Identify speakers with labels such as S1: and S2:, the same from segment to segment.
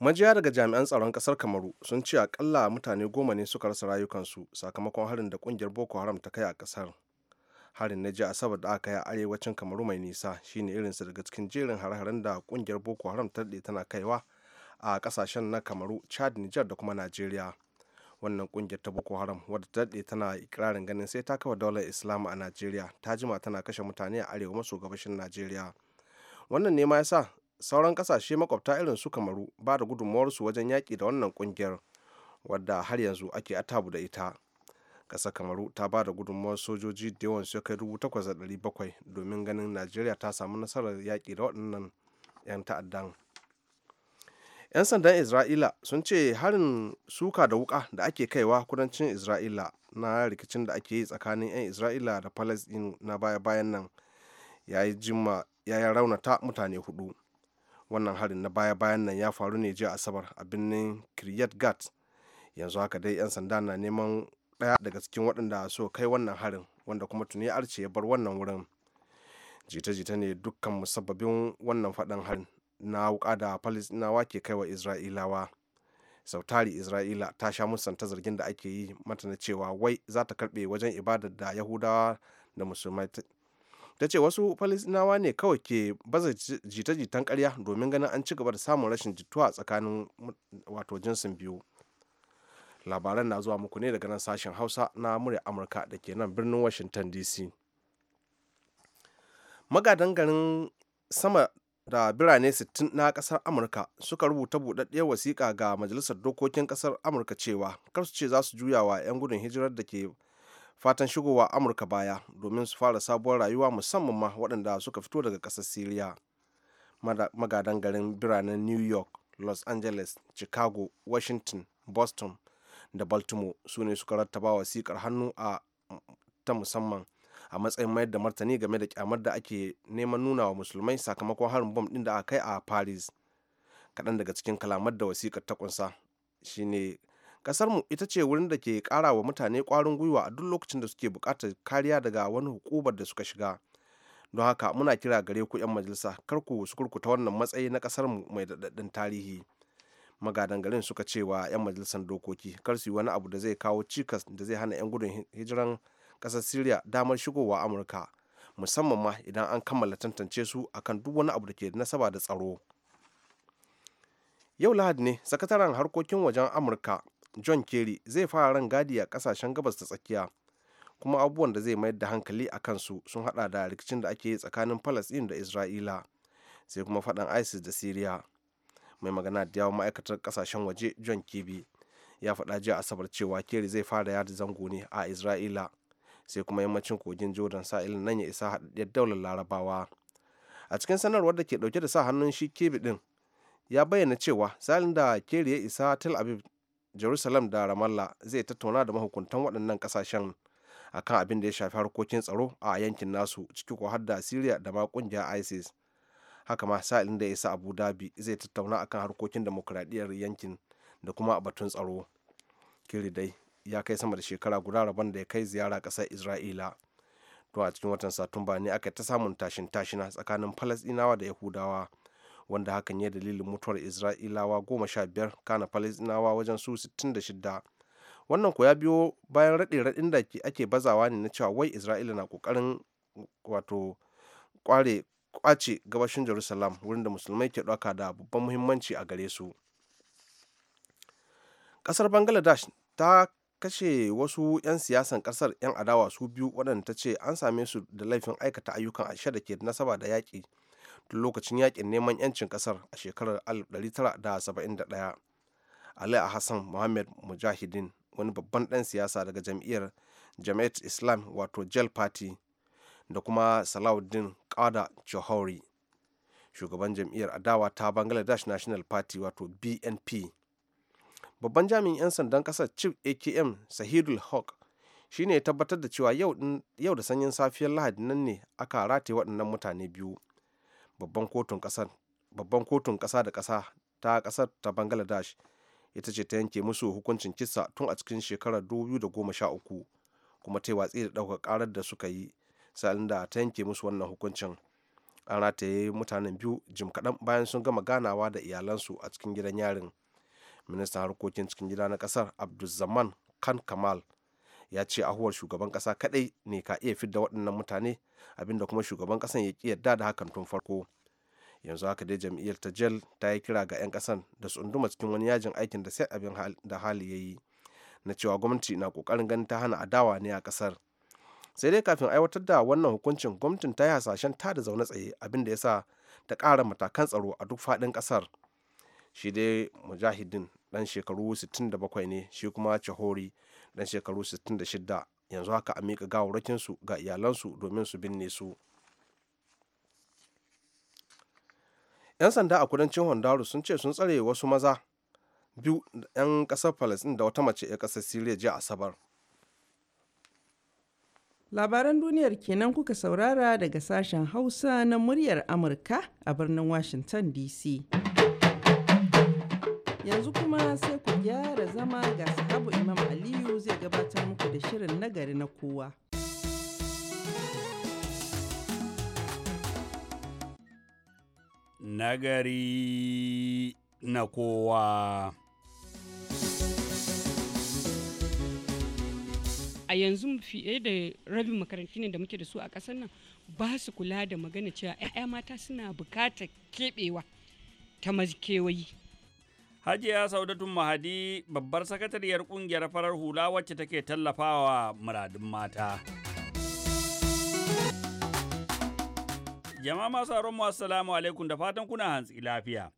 S1: majiya daga jami'an tsaron kasar kamaru sun ce akalla mutane goma ne suka rasa rayukansu sakamakon harin da kungiyar boko haram ta kai a kasar harin na jiya asabar da aka yi a arewacin kamaru mai nisa shine irin su daga cikin jerin hare-haren da kungiyar boko haram ta daɗe tana kaiwa a kasashen na kamaru chad Nijar da kuma najeriya wannan kungiyar ta boko haram wadda ta daɗe tana ikirarin ganin sai ta kawo daular islam a najeriya ta jima tana kashe mutane a arewa maso gabashin najeriya wannan ne ma yasa sauran kasashe makwabta irin su kamaru ba da su wajen yaƙi da wannan ƙungiyar wadda har yanzu ake atabu da ita ƙasar kamaru ta ba da gudunmuwar sojoji da yawan su kai dubu takwas da ɗari bakwai domin ganin najeriya ta samu nasarar yaƙi da waɗannan 'yan ta'addan 'yan sandan isra'ila sun ce harin suka da wuka da ake kaiwa kudancin isra'ila na rikicin da ake yi tsakanin 'yan isra'ila da palestine na baya-bayan nan ya yi raunata mutane hudu wannan harin na baya-bayan nan ya faru ne jiya asabar a birnin kiryat gat yanzu haka dai 'yan sanda na neman ɗaya daga cikin waɗanda so kai wannan harin wanda kuma tuni arce ya bar wannan wurin jita-jita ne dukkan musabbabin wannan faɗin harin na wuka da palestinawa ke kai wa isra'ilawa sautari isra'ila ta sha musanta zargin da ake yi mata na cewa wai za ta karɓe wajen ibadar da yahudawa da musulmai ta ce wasu falisinawa ne kawai ke baza jita-jitan karya domin ganin an ci gaba da samun rashin jituwa tsakanin wato jinsin biyu labaran na zuwa muku ne daga nan sashen hausa na murya amurka da ke nan birnin washington dc magadan garin sama da birane 60 na kasar amurka suka rubuta buɗaɗɗiyar wasiƙa ga majalisar dokokin kasar amurka cewa kar su ce za su juya wa 'yan gudun hijirar da ke fatan shigowa amurka baya domin su fara sabuwar rayuwa musamman ma waɗanda suka fito daga ƙasar siriya magadan garin biranen new york los angeles chicago washington boston da baltimore su ne suka rattaba wasikar hannu a ta musamman a matsayin mayar da martani game da kyamar da ake neman nuna wa musulmai sakamakon harin bom ɗin da aka kai a paris kaɗan daga cikin kalamar da wasikar ta kunsa shine mu ita ce wurin da ke kara wa mutane kwarin gwiwa a duk lokacin da suke bukatar kariya daga wani hukumar da suka shiga don haka muna kira gare ku 'yan majalisa kar ku kurkuta wannan matsayi na mu mai daɗaɗɗin tarihi magadan garin suka cewa 'yan majalisar dokoki kar su yi wani abu da zai kawo cikas da zai hana 'yan gudun hijiran kasar syria damar shigowa amurka musamman ma idan an kammala tantance su akan duk wani abu da ke nasaba da tsaro yau lahadi ne sakataren harkokin wajen amurka john kerry zai fara ran gadi a kasashen gabas ta tsakiya kuma abubuwan da zai mayar da hankali a kansu sun hada da rikicin da ake yi tsakanin palestine da isra'ila sai kuma faɗan isis da syria mai magana da yawon ma'aikatar kasashen waje john kibi ya faɗa jiya asabar cewa kerry zai fara yada zango ne a isra'ila sai kuma yammacin kogin jordan ilin nan ya isa haɗaɗɗiyar daular larabawa a cikin sanarwar da ke ɗauke da sa hannun shi kebi ɗin ya bayyana cewa salin da keri ya isa tel aviv jerusalem da ramallah zai tattauna da mahukuntan waɗannan ƙasashen akan abin da ya shafi harkokin tsaro a yankin nasu ciki ko har da syria da ma isis haka ma sa'ilin da ya isa abu dhabi zai tattauna akan harkokin demokuraɗiyyar yankin da kuma a batun tsaro kiri dai ya kai sama da shekara guda rabon da ya kai ziyara ƙasar isra'ila to a cikin watan satumba ne aka ta samun tashin tashina tsakanin falasɗinawa da yahudawa wanda hakan ya dalilin mutuwar isra'ilawa goma sha biyar kana falisinawa wajen su 66 wannan ko ya biyo bayan raɗe raɗin da ake bazawa ne na cewa wai isra'ila na ƙoƙarin wato kware kwace gabashin jerusalem wurin da musulmai ke ɗauka da babban muhimmanci a gare su ƙasar bangladesh ta kashe wasu 'yan siyasan ƙasar 'yan adawa su biyu waɗanda ta ce an same su da laifin aikata ayyukan ashe da ke nasaba da yaƙi tun lokacin yakin neman 'yancin kasar a shekarar 1971 ali hassan muhammad mujahidin wani babban ɗan siyasa daga jam'iyyar jama'at islam wato jel party da kuma salahuddin kada johori shugaban jam'iyyar adawa ta bangladesh national party wato bnp babban jami'in 'yan sandan kasar chief akm sahidul hawk shine ya tabbatar da cewa yau da sanyin safiyar lahadi nan ne aka rataye waɗannan mutane biyu babban kotun kasar babban kotun ƙasa da ƙasa ta ƙasar ta bangladesh ita ce ta yanke musu hukuncin kisa tun a cikin shekarar 2013 kuma ta watsi da ɗaukar karar da suka yi sa'in da ta yanke musu wannan hukuncin an rataye mutanen biyu jim kaɗan bayan sun gama ganawa da iyalansu a cikin gidan yarin ministan harkokin cikin gida na ƙasar abdulzaman khan kamal ya ce ahuwar shugaban kasa kadai ne ka iya fidda waɗannan mutane abinda kuma shugaban kasan ya ki yarda da hakan tun farko yanzu haka dai jam'iyyar ta jel ta yi kira ga 'yan kasan da su unduma cikin wani yajin aikin da sai abin da hali ya yi na cewa gwamnati na kokarin ganin ta hana adawa ne a kasar sai dai kafin aiwatar da wannan hukuncin gwamnatin ta yi hasashen ta da zaune tsaye abin da ya sa ta ƙara matakan tsaro a duk faɗin kasar shi dai mujahidin dan shekaru 67 ne shi kuma cahori dan shekaru 66 yanzu haka a miƙa su ga iyalansu domin su binne su 'yan sanda a kudancin honduras sun ce sun tsare wasu maza biyu 'yan ƙasar palestine da wata mace ya ƙasar syria jiya asabar
S2: labaran duniyar kenan kuka saurara daga sashen hausa na muryar amurka a birnin washington dc Yanzu kuma sai ku gyara zama ga sahabu Imam Aliyu zai gabatar muku da shirin nagari na kowa.
S3: Nagari na kowa.
S4: a yanzu fiye da rabin makarantu ne da muke da su a ƙasar nan ba su kula da magana cewa 'ya'ya mata suna bukatar keɓewa ta makewayi.
S3: Hajiya Saudatun Mahadi babbar sakatariyar kungiyar farar hula wacce take tallafawa muradun mata. Jama'a masu mu assalamu alaikum da fatan kuna hantsi lafiya.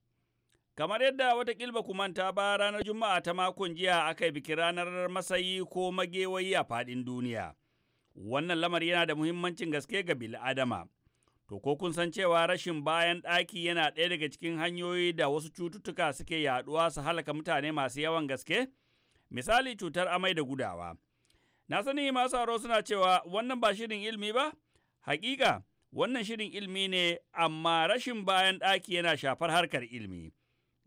S3: Kamar yadda wata kilba manta ba ranar Juma'a ta makon jiya aka biki ranar masayi ko magewayi a faɗin duniya. Wannan lamari yana da muhimmancin gaske ga bil'adama. To ko kun san cewa rashin bayan ɗaki yana ɗaya daga cikin hanyoyi da wasu cututtuka suke yaɗuwa su halaka mutane masu yawan gaske? Misali cutar amai da gudawa. Na sani masu aro suna cewa wannan ba shirin ilmi ba? Hakika, wannan shirin ilmi ne amma rashin bayan ɗaki yana shafar harkar ilmi.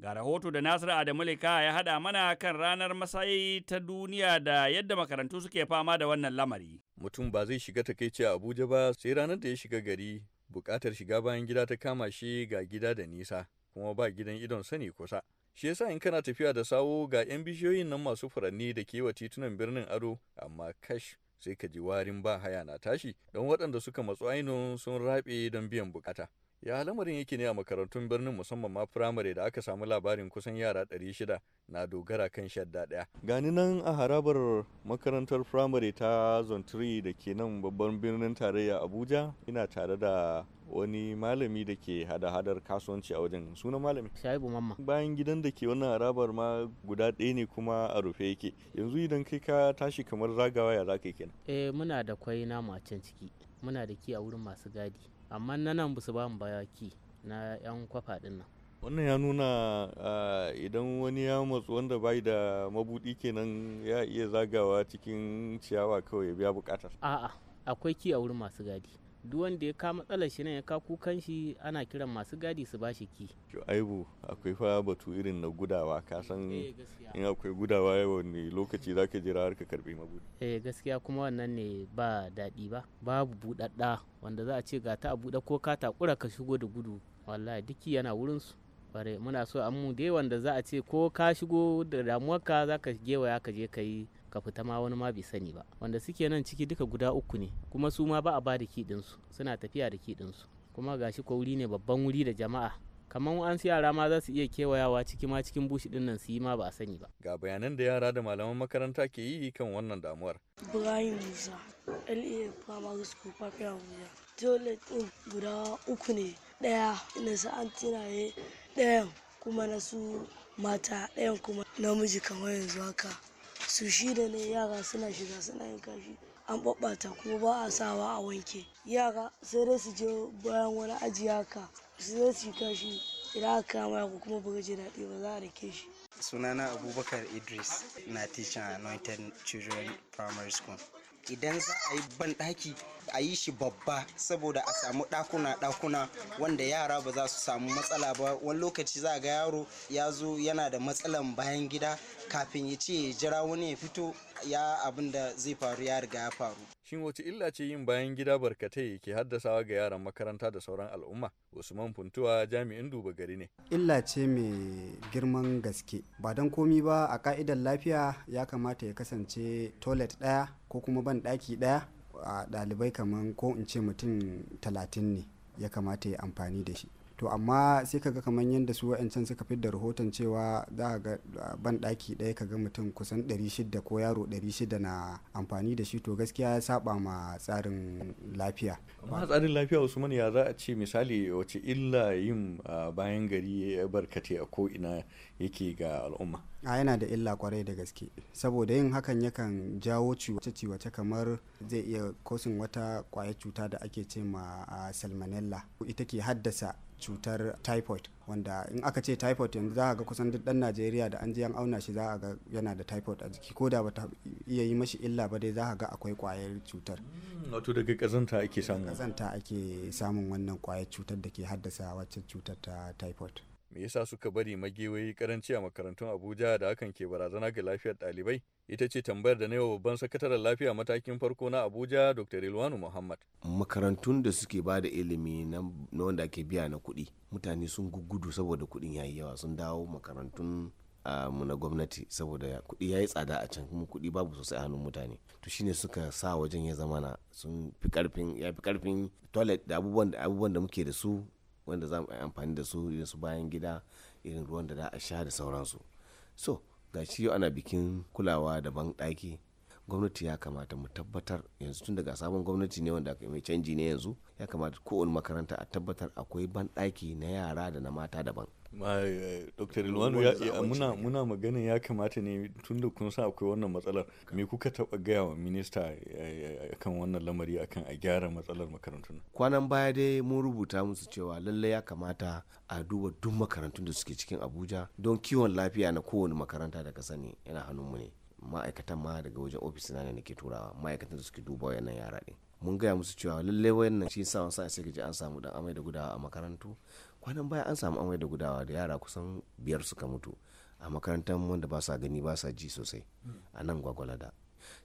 S3: Ga rahoto da Nasiru Adamu Lika ya haɗa mana kan ranar masayi ta duniya da yadda makarantu suke fama da wannan lamari.
S5: Mutum ba zai shiga takaici a Abuja ba sai ranar da ya shiga gari buƙatar shiga bayan gida ta kama shi ga gida da nisa kuma ba gidan idon sani kusa shi yasa in kana tafiya da sawo ga 'yan bishiyoyin nan masu furanni da ke wa titunan birnin ado amma kash sai ka ji warin ba haya na tashi don waɗanda suka matsu ainihin sun raɓe don biyan buƙata. ya lamarin yake ne a makarantun birnin musamman ma firamare da aka samu labarin kusan yara 600 na dogara kan shadda daya gani nan a harabar makarantar firamare ta zontri da ke nan babban birnin tarayya abuja ina tare da wani malami da ke hada-hadar kasuwanci a wajen sunan malami shaibu mamma bayan gidan da ke wannan harabar ma guda ɗaya ne kuma a rufe yake yanzu idan kai ka tashi kamar zagawa ya za ka kenan
S6: eh muna da kwai a can ciki muna da ki a wurin masu gadi amma na nan ba su ba mu na 'yan kwafa din nan
S5: wannan ya nuna idan wani ya matsu wanda bai da mabudi kenan ya iya zagawa cikin ciyawa kawai ya biya bukatar
S6: a'a akwai ki a wurin masu gadi duk wanda ya ka matsalar shi nan ya ka kukan shi ana kiran masu gadi su ba shi ki
S5: aibu akwai fa batu irin na gudawa ka san eh, in akwai gudawa yau ne lokaci zaka jira har ka karbi magudi
S6: eh gaskiya kuma wannan ne ba daɗi ba babu budadda wanda za a ce ga ta a buɗe ko ka takura ka shigo da gudu wallahi duki yana wurin su bare muna so an mu wanda za a ce ko ka shigo da damuwarka zaka gewaya ka je ka yi ka fita ma wani ma bai sani ba wanda suke nan ciki duka guda uku ne kuma su ma ba a ba da kiɗinsu suna tafiya da kiɗinsu kuma gashi ko wuri ne babban wuri da jama'a kamar an su yara ma za su iya kewayawa ciki ma cikin bushi din nan su yi ma ba a sani ba ga bayanan da yara da malaman
S5: makaranta ke yi kan wannan damuwar
S7: Ibrahim Musa LA Primary School Papiya Abuja toilet din guda uku ne daya na su antinaye dayan kuma na su mata dayan kuma namiji kamar yanzu haka su shida ne yara suna shiga suna yin kashi an ɓaɓɓata kuma ba a sawa a wanke yara sai dai su je bayan wani aji haka su zai su kashi idan aka kama ko kuma buga ji daɗi ba za a rike shi
S8: sunana abubakar idris na teaching anointed children primary school idan za a yi ban banɗaki a yi shi babba saboda a samu ɗakuna ɗakuna wanda yara ba za su samu matsala ba wani lokaci za ga yaro ya zo yana da matsalan bayan gida kafin ya ce ya jira wani ya fito ya abin da zai faru ya riga ya faru
S5: Shin wace illa ce yin bayan gida barkatai ke haddasawa ga yaran makaranta da sauran al'umma? Usman Funtuwa jami'in duba gari ne.
S8: Illa ce mai girman gaske. Ba don komi ba a ka'idar lafiya ya kamata ya kasance toilet ɗaya ko kuma ban ɗaki ɗaya a ɗalibai kamar ko in ce mutum talatin ne ya kamata ya amfani da shi. to amma sai kaga kamar yadda su wa'ancan suka da rahoton cewa za ga ban ɗaki ɗaya kaga mutum kusan 600 ko yaro 600 na amfani da shi to gaskiya ya saba ma tsarin lafiya
S5: amma tsarin lafiya usman ya za a ce misali wace illa yin bayan gari ya barkate a ko ina yake ga al'umma
S8: a yana da illa kwarai da gaske saboda yin hakan yakan jawo ciwace-ciwace kamar zai iya kosin wata kwayar cuta da ake ce ma salmonella ita ke haddasa cutar typhoid wanda in aka ce typhoid yanzu za a ga kusan duk dan najeriya da an ji an auna shi za a ga yana da typhoid a jiki ko da bata iya yi mashi illa ba dai za a ga akwai kwayar cutar
S5: hmm, wato daga kazanta ake
S8: samun kazanta ake samun wannan kwayar cutar da ke haddasa wacce cutar ta typhoid
S5: me yasa suka bari magewayi karanci a makarantun Abuja da hakan ke barazana ga lafiyar ɗalibai? Ita ce tambayar da na babban sakataren lafiya matakin farko na Abuja Dr. Ilwanu Muhammad.
S9: Makarantun da suke ba da ilimi na wanda ake biya na kuɗi, mutane sun gugudu saboda kuɗin yayi yawa sun dawo makarantun mu na gwamnati saboda kuɗi ya yi tsada a can kuma kuɗi babu sosai a hannun mutane to shine suka sa wajen ya zama na sun fi karfin ya fi karfin toilet da abubuwan da muke da su wanda za mu yi amfani da su irin su bayan gida irin ruwan da za a sha da sauransu so ga shi yau ana bikin kulawa da ban ɗaki gwamnati ya kamata mu tabbatar yanzu tun daga sabon gwamnati ne wanda mai canji ne yanzu ya kamata kowane makaranta a tabbatar akwai ban ɗaki na yara da na mata daban
S5: dr ilwanu muna, muna magana ya kamata ne tun da kun sa akwai wannan matsalar me kuka taba gaya wa minista kan wannan lamari akan a gyara matsalar makarantun kwanan baya dai mun rubuta musu cewa lallai ya kamata a duba
S9: duk makarantun da suke cikin abuja don kiwon lafiya na kowane makaranta da sani yana hannunmu ne ma'aikatan ma daga wajen ofis na ne nake turawa ma'aikatan da suke duba wayannan yara ɗin mun gaya musu cewa lallai wayannan shi sa wasa sai ji an samu dan amai da gudawa a makarantu kwanan baya an samu amai da gudawa da yara kusan biyar suka mutu a makarantar wanda ba sa gani ba sa ji sosai a nan gwagwalada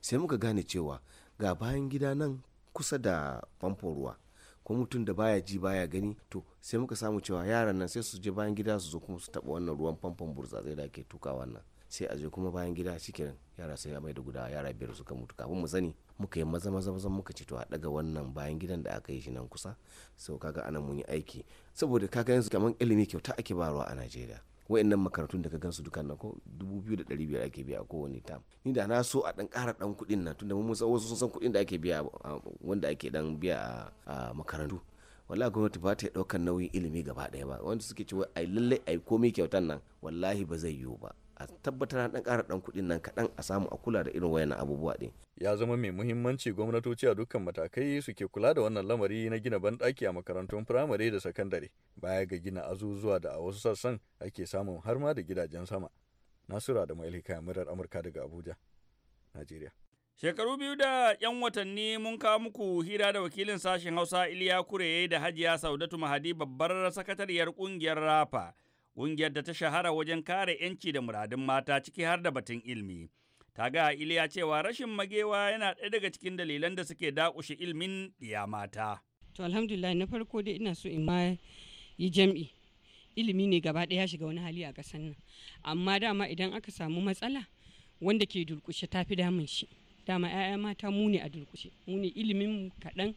S9: sai muka gane cewa ga bayan gida nan kusa da famfon ruwa ko mutum da baya ji baya gani to sai muka samu cewa yaran nan sai su je bayan gida su zo kuma su taba wannan ruwan famfon burtsatsai da ake tuka wannan sai a je kuma bayan gida cikin yara sai amai da gudawa yara biyar suka mutu kafin mu sani muka yi maza maza maza muka ce to a daga wannan bayan gidan da aka yi shi nan kusa so kaga anan mun yi aiki saboda kaga yanzu kamar ilimi kyauta ake barwa a Najeriya wa'annan makarantun da ka gansu duka na ko dubu biyu da ɗari biyar ake biya a kowane tam ni da na so a ɗan ƙara ɗan kuɗin nan tunda mun san wasu sun san kuɗin da ake biya wanda ake ɗan biya a makarantu wallahi gwamnati ba ta ɗaukar nauyin ilimi gaba ɗaya ba wanda suke cewa ai lallai ai komai kyautan nan wallahi ba zai yiwu ba a tabbatar dan ƙara ɗan kuɗin nan kaɗan a samu a kula da irin wayannan abubuwa ɗin.
S5: Ya zama mai muhimmanci gwamnatoci a dukkan matakai suke kula da wannan lamari na gina banɗaki a makarantun firamare da sakandare baya ga gina azuzuwa da a wasu sassan ake samun har ma da gidajen sama. Nasura da Mailika Murar Amurka daga Abuja, Najeriya.
S3: Shekaru biyu da ‘yan watanni mun kawo muku hira da wakilin sashen Hausa Iliya Kure da Hajiya Saudatu Mahadi babbar sakatariyar kungiyar Rafa. ƙungiyar da ta shahara wajen kare 'yanci da muradun mata ciki har da batun ilmi. Ta ga Iliya cewa rashin magewa yana ɗaya daga cikin dalilan da suke daƙushe ilmin ɗiya mata.
S4: To alhamdulillah na farko dai ina so in ma yi jam'i. Ilimi ne gaba ɗaya shiga wani hali a ƙasar nan. Amma dama idan aka samu matsala wanda ke durƙushe ta fi damun shi. Dama 'ya'ya mata mu ne a durƙushe. Mu ne ilimin kaɗan.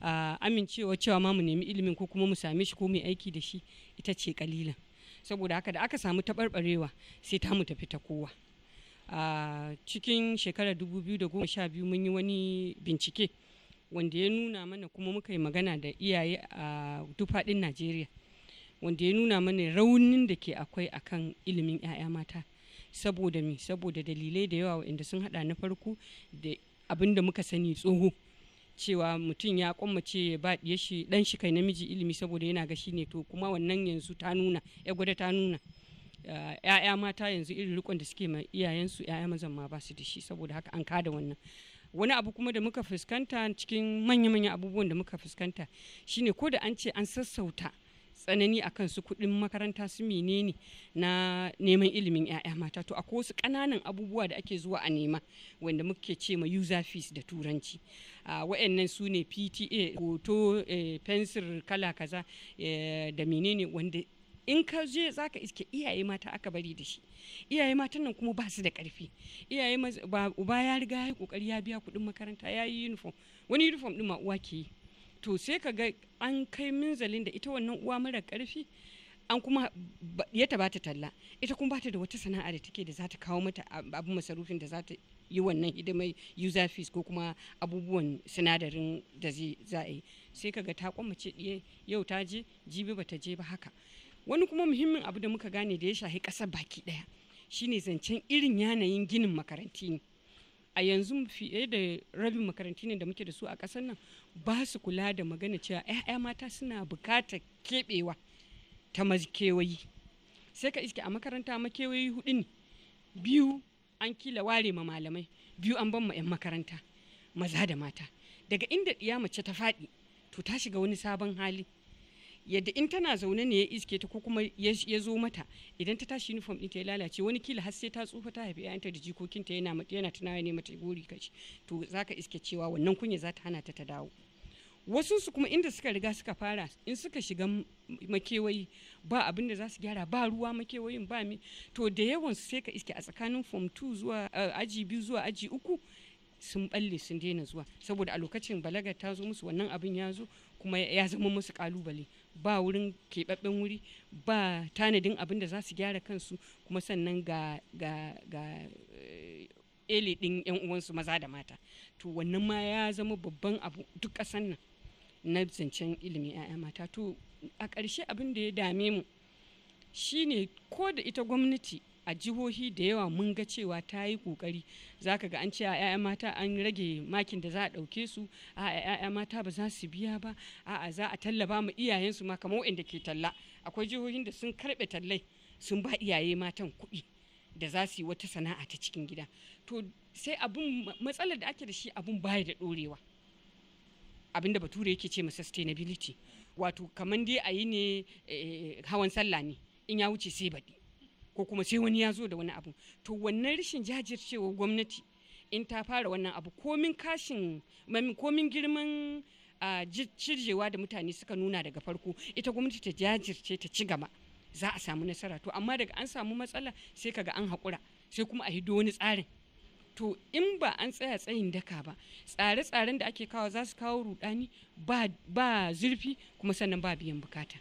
S4: Ah, amincewa cewa ma mu nemi ilimin ko kuma mu same shi ko mu aiki da shi ita ce ƙalilan. saboda haka da aka samu taɓarɓarewa sai ta mu tafi ta kowa a cikin shekarar 2012 mun yi wani bincike wanda ya nuna mana kuma muka yi magana da iyaye a dufaɗin najeriya wanda ya nuna mana raunin da ke akwai akan ilimin 'ya'ya mata saboda mi saboda dalilai da yawa wa'inda sun hada na farko da abin da muka sani tsoho cewa mutum ya kwammace ba ɗiye shi dan shi kai namiji ilimi saboda yana ga shi ne to kuma wannan yanzu ta nuna ya gwada ta nuna ya'ya eh, mata yanzu irin rikon da suke ma iyayensu ya'ya mazan ma ba su da shi saboda haka an kada wannan wani abu kuma da muka fuskanta cikin manya-manya abubuwan da muka fuskanta shine ko da an ce an sassauta tsanani akan su kuɗin makaranta su menene na neman ilimin 'ya'ya mata to akwai wasu kananan abubuwa da ake zuwa a nema wanda muke ce ma user fees da turanci wa'annan su ne pta hoto eh, fensir kala kaza eh, da menene wanda in ka je za ka iske iyaye mata aka bari da shi iyaye matan nan kuma ba su da karfi iyaye ba ya riga ya kokari ya biya kuɗin makaranta ya yi uniform wani uniform ɗin ma uwa ke yi to sai ka ga an kai minzalin da ita wannan uwa mara karfi an kuma ya ta bata talla ita kuma bata da wata sana'a da take da za ta kawo mata abin masarufin da za ta yi wannan hidimai user fees ko kuma abubuwan sinadarin da za a yi sai ga ta kwamace ɗiye yau ta je jibi bata je ba haka wani kuma muhimmin abu da muka gane da ya shahi kasar baki ɗaya shine zancen irin yanayin ginin makaranti ne a yanzu fiye da rabin makarantu ne da muke da su a ƙasar nan ba su kula da magana cewa 'ya'ya mata suna bukatar keɓewa ta makewayi sai ka iske a makaranta makewayi hudu ne biyu an kila ware ma malamai biyu an ban ma 'yan makaranta maza da mata daga inda ɗiya mace ta faɗi to ta shiga wani sabon hali yadda in tana zaune ne ya iske ta ko kuma ya zo mata idan ta tashi uniform ɗinta ya lalace wani kila har sai ta tsufa ta haifi ƴaƴanta da jikokinta yana yana tunawa ne mata gori kashi to zaka iske cewa wannan kunya za ta hana ta ta dawo wasu su kuma inda suka riga suka fara in suka shiga makewayi ba abin da za su gyara ba ruwa makewayin ba mi to da yawan su sai ka iske a tsakanin form 2 zuwa eh, aji biyu zuwa aji uku sun balle sun daina zuwa saboda a lokacin balagar ta zo musu wannan abin ya zo kuma ya zama musu kalubale ba wurin keɓaɓɓen wuri ba tanadin abin da za su gyara kansu kuma sannan ga ga ga ele eh, ɗin yan uwansu maza da mata to wannan ma ya zama babban abu duk ƙasan nan na zancen ilimi 'ya'ya mata to a ƙarshe abin da ya dame mu shine ko da ita gwamnati a jihohi da yawa mun ga cewa ta yi kokari za ka ga an ce a 'ya'ya mata an rage makin da za a ɗauke su a 'ya'ya mata ba za su biya ba a za a tallaba ma iyayensu ma kamar waɗanda ke talla akwai jihohin da sun karɓe tallai sun ba iyaye matan kuɗi da za su yi wata sana'a ta cikin gida to sai abun matsalar da ake da shi abun baya da ɗorewa abin da bature yake ce ma sustainability wato kamar dai a yi ne eh, hawan sallah ne in ya wuce sai baɗi ko kuma sai wani ya zo da wani abu to wannan rashin jajircewar gwamnati in ta fara wannan abu komin kashin komin girman cirjewa da mutane suka nuna daga farko ita gwamnati ta jajirce ta ci gaba za a samu nasara to amma daga an samu matsala sai kaga an hakura sai kuma a hido wani tsarin to in ba an tsaya tsayin daka ba tsare-tsaren da ake kawo za su kawo rudani ba zurfi kuma sannan ba biyan bukata.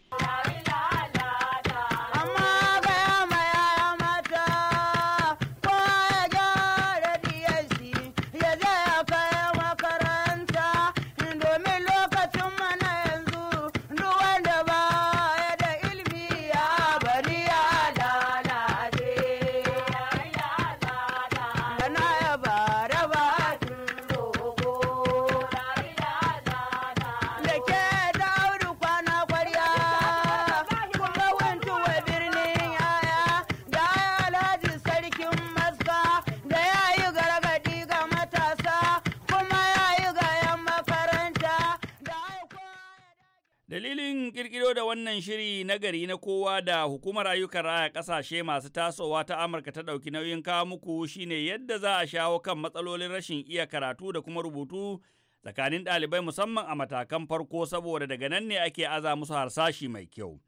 S3: shiri na gari na kowa da hukumar ayyukan raya ƙasashe masu tasowa ta Amurka ta ɗauki nauyin kawo muku shine yadda za a shawo kan matsalolin rashin iya karatu da kuma rubutu tsakanin ɗalibai musamman a matakan farko saboda daga nan ne ake aza musu harsashi mai kyau.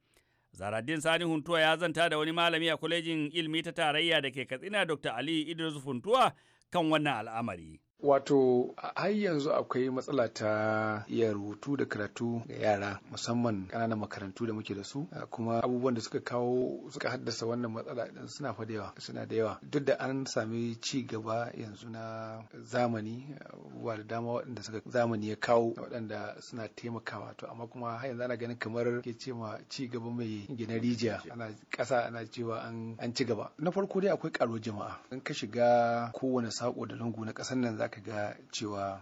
S3: Zaradin Sani Huntuwa ya zanta da wani malami a kwalejin ilmi ta tarayya da ke Katsina Dr. Ali Idris Funtuwa kan wannan al'amari.
S10: Wato har yanzu akwai matsala ta iya rubutu da karatu ga yara musamman ƙananan makarantu da muke da su kuma abubuwan da suka kawo suka haddasa wannan matsala din suna fa da yawa suna da yawa duk da an sami ci gaba yanzu na zamani abubuwa da dama waɗanda suka zamani ya kawo waɗanda suna taimakawa to amma kuma har yanzu ana ganin kamar ke ce ma ci gaba mai gina rijiya ana ƙasa ana cewa an ci gaba na farko dai akwai ƙaro jama'a in ka shiga kowane saƙo da lungu na ƙasar nan za ka ga cewa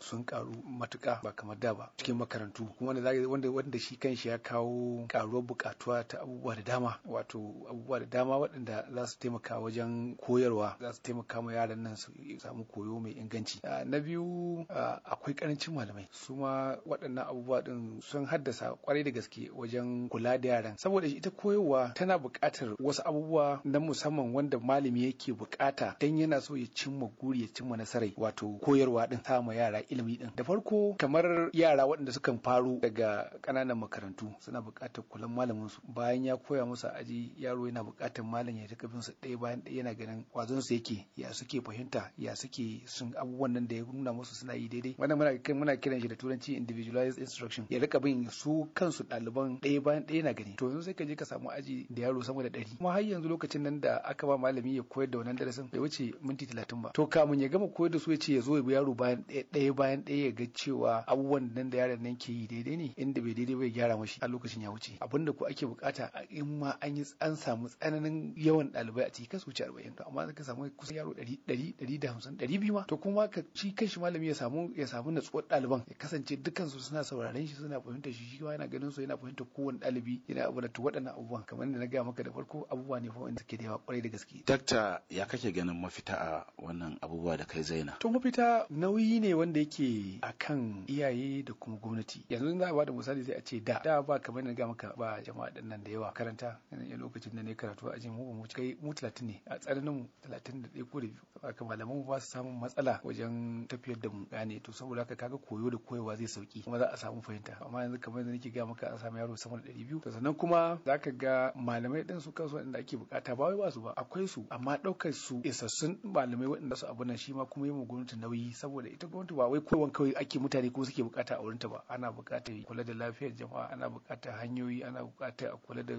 S10: sun karu matuka ba kamar da ba cikin makarantu kuma wanda wanda shi kanshi ya kawo karuwar bukatuwa ta abubuwa da dama wato abubuwa da dama waɗanda za su taimaka wajen koyarwa za su taimaka ma yaran nan su samu koyo mai inganci ah, na biyu ah, akwai karancin malamai su ma waɗannan abubuwa din sun haddasa kwarai da gaske wajen kula da yaran saboda ita koyarwa tana buƙatar wasu abubuwa na musamman wanda malami yake buƙata dan yana so ya cimma guri ya cimma nasarai wato koyarwa din sama yara ilimi din da farko kamar yara waɗanda sukan faru. daga ƙananan makarantu suna buƙatar kulan malamin su bayan ya koya musu aji yaro yana buƙatar malam ya rika ɗaya bayan ɗaya yana ganin kwazon su yake ya suke fahimta ya suke sun abubuwan nan da ya nuna musu suna yi daidai wannan muna muna kiran shi da turanci individualized instruction ya rika bin su kansu ɗaliban ɗaya bayan ɗaya yana gani to yanzu sai ka je ka samu aji da yaro sama da ɗari kuma har yanzu lokacin nan da aka ba malami ya koyar da wannan darasin bai wuce minti talatin ba to kamun ya gama koyar da su ya ce ya zo ya yaro bayan ɗaya bayan ɗaya ya ga cewa abubuwan nan da yaron nan ke yi daidai ne inda bai daidai bai gyara mashi a lokacin ya wuce abin da ku ake bukata in ma an yi an samu tsananin yawan ɗalibai a ciki kasu wuce arba'in to amma ka samu kusan yaro ɗari ɗari ɗari da hamsin ɗari biyu ma to kuma ka shi kanshi malami ya samu ya samu natsuwar ɗaliban ya kasance dukansu suna sauraren shi suna fahimtar shi shi ma yana ganin su yana fahimtar kowane ɗalibi yana abu da to waɗannan abubuwan kamar da na gaya maka da farko abubuwa ne fa wanda suke da yawa kwarai da gaske.
S9: Dakta ya kake ganin mafita a wannan abubuwa da kai zaina?
S10: To mafita nauyi ne wanda yake kan iyaye da kuma gwamnati. Yanzu za a bada misali zai a ce da da ba kamar na ga maka ba jama'a ɗan nan da yawa karanta a lokacin da ne karatu a jin mu kai mu talatin ne a tsananin mu talatin da ɗaya ko da biyu. Haka malaman ba su samun matsala wajen tafiyar da mu gane to saboda haka kaga koyo da koyarwa zai sauki kuma za a samu fahimta amma yanzu kamar yadda nake ga maka an samu yaro sama da biyu to sannan kuma za ka ga malamai ɗin su kansu inda ake bukata ba wai ba su ba akwai su amma ɗaukar su isassun malamai waɗanda su abu nan shi ma kuma ma gwamnati nauyi saboda ita gwamnati ba wai kowan kawai ake mutane ko suke bukata a wurinta ba ana bukatar kula da lafiyar jama'a ana bukatar hanyoyi ana bukatar a kula da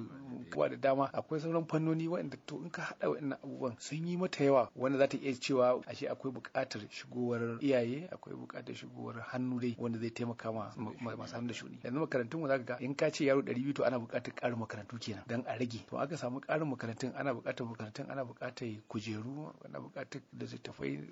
S10: kowa da dama akwai sauran fannoni waɗanda to in ka haɗa waɗannan abubuwan sun yi mata yawa wanda za ta iya cewa ashe akwai bukatar shigowar iyaye akwai bukatar shigowar hannu dai wanda zai taimaka ma masu hannu da shuni yanzu makarantun mu zaka ga in ka ce yaro ɗari biyu to ana bukatar ƙarin makarantu kenan dan a rage to aka samu ƙarin makarantun ana bukatar makarantun ana bukatar kujeru ana bukatar da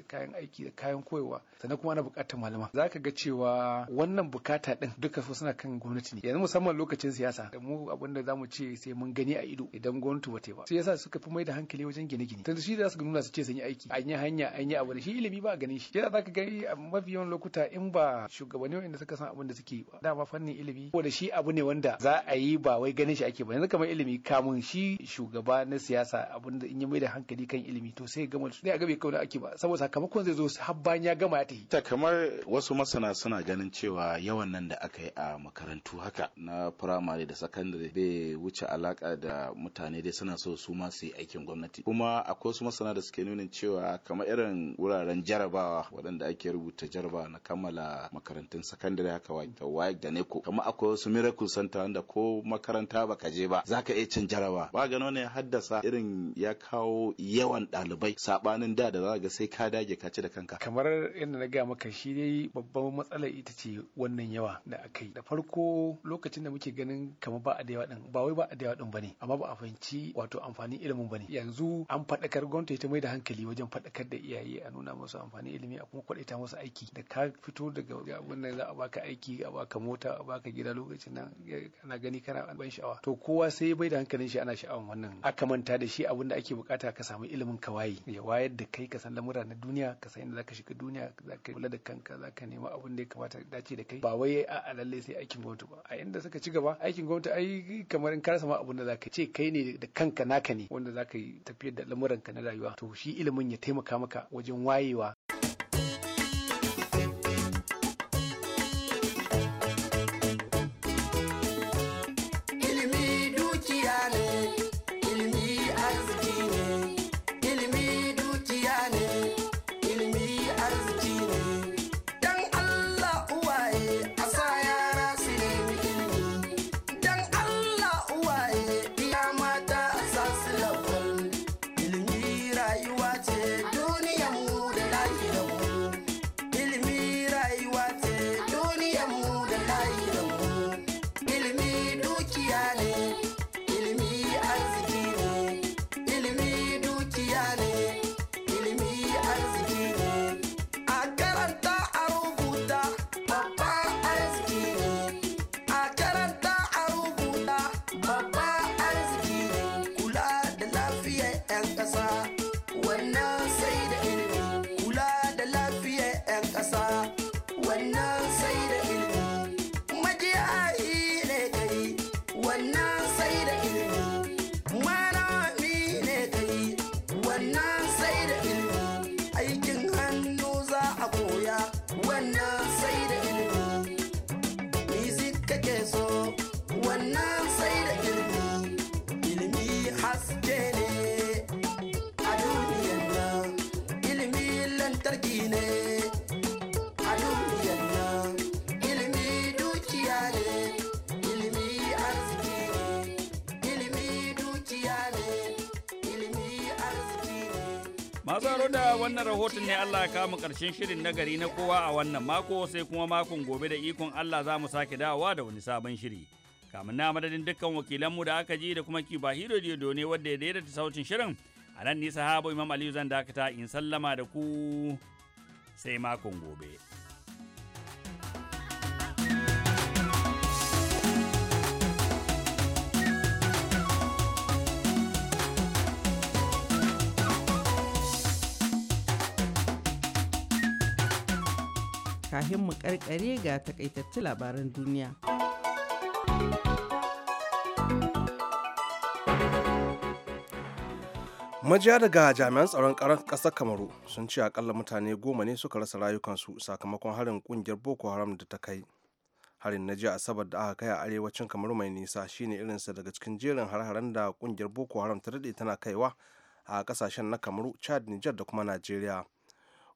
S10: kayan aiki aiki da kayan koyowa. sannan kuma ana bukatar malama za ka ga cewa wannan bukata din duka su suna kan gwamnati ne yanzu musamman lokacin siyasa da mu abin da zamu ce sai mun gani a ido idan gwamnati ba ta ba sai yasa suka fi mai da hankali wajen gine-gine tunda shi da su nuna su ce sun yi aiki an yi hanya an yi abu da shi ilimi ba a ganin shi yasa za gani a mafi yawan lokuta in ba shugabanni wanda suka san abin da suke yi ba dama fannin ilimi ko da shi abu ne wanda za a yi ba wai ganin shi ake ba yanzu kamar ilimi kamun shi shugaba na siyasa abin da in yi mai da hankali kan ilimi to sai gama sai a gabe kawai ake ba saboda sakamakon zai zo musu har bayan ya gama ya tafi.
S9: Ta kamar wasu masana suna ganin cewa yawan nan da aka yi a makarantu haka na firamare da sakandare bai wuce alaka da mutane dai suna so su ma su yi aikin gwamnati. Kuma akwai wasu masana da suke nunin cewa kamar irin wuraren jarabawa waɗanda ake rubuta jarabawa na kammala makarantun sakandare haka da WAEC da neko. Kamar akwai wasu miracle center wanda ko makaranta baka je ba Za ka iya cin jaraba. Ba gano ne haddasa irin ya kawo yawan ɗalibai saɓanin da da za ga sai ka dage ka ci
S10: da ka kanka kamar yadda na gaya maka shi dai babban matsala ita ce wannan yawa da aka yi da farko lokacin da muke ganin kamar ba a da yawa din ba wai ba a da yawa din bane amma ba a fahimci wato amfanin ilimin bane yanzu an faɗakar gwamnati ta mai da hankali wajen faɗakar da iyaye a nuna musu amfanin ilimi a kuma kwadaita musu aiki da ka fito daga wannan za a baka aiki a baka mota a baka gida lokacin nan kana gani kana ban sha'awa to kowa sai ya bai da hankalin shi ana sha'awan wannan aka manta da shi abin da ake bukata ka samu ilimin kawai ya wayar da kai ka san lamura na duniya ka san da zaka shiga duniya zaka kula da kanka zaka nema abin da ya kamata dace da kai ba wai a lalle sai aikin gwamnati ba a inda suka ci gaba aikin gwamnati ai kamar in karasa ma abin da zaka ce kai ne da kanka naka ne wanda zaka yi tafiyar da lamuranka na rayuwa to shi ilimin ya taimaka maka wajen wayewa
S7: lantarki ne a duniyar nan ilimi dukiya ne ilimi arziki ne ilimi dukiya
S3: ne da wannan rahoton ne Allah ya kama karshen shirin nagari na kowa a wannan mako sai kuma makon gobe da ikon Allah za mu sake dawowa da wani sabon shiri. kamun na madadin dukkan wakilanmu da aka ji da kuma kiba hiro ne wadda ya daidaita sautin shirin a nan ni sahabo imam aliyu zan dakata in sallama da ku sai makon gobe.
S2: kafin mu karkare ga takaitattun labaran duniya.
S1: majiya daga jami'an tsaron ƙasar kamaru sun ce akalla mutane goma ne suka rasa rayukansu sakamakon harin ƙungiyar boko haram da ta kai harin na jiya asabar da aka kai a arewacin kamaru mai nisa shine irinsa daga cikin jerin har-haren da kungiyar boko haram ta daɗe tana kaiwa a ƙasashen na kamaru chad niger da kuma najeriya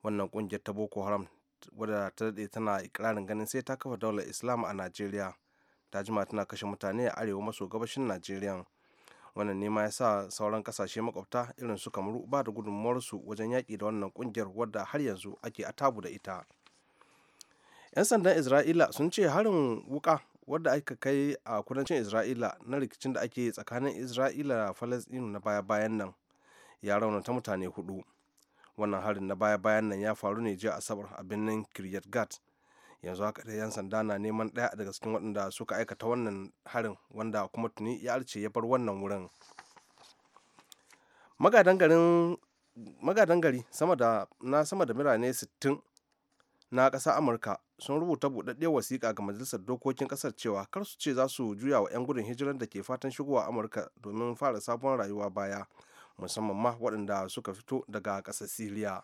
S1: wannan ƙungiyar ta boko haram wadda ta daɗe tana ikirarin ganin sai ta kafa daular islam a najeriya ta jima tana kashe mutane a arewa maso gabashin najeriya wannan nema ya sa sauran kasashe makwabta irin su kamaru ba da su wajen yaƙi da wannan ƙungiyar wadda har yanzu ake a tabu da ita 'yan sandan isra'ila sun ce harin wuka wadda aka kai a kudancin isra'ila na rikicin da ake tsakanin isra'ila da falasɗinu na baya-bayan nan ya raunata mutane hudu wannan harin na baya-bayan nan ya faru ne jiya asabar a birnin kiryat gat yanzu haka da yan sanda na neman ɗaya daga cikin waɗanda suka aikata wannan harin wanda kuma tuni ya arce ya bar wannan wurin magadan gari sama da na sama da birane 60 na ƙasar amurka sun rubuta buɗaɗɗiyar wasiƙa ga majalisar dokokin ƙasar cewa kar su ce za su juya wa 'yan gudun hijirar da ke fatan shigowa amurka domin fara sabon rayuwa baya musamman ma waɗanda suka fito daga ƙasar siriya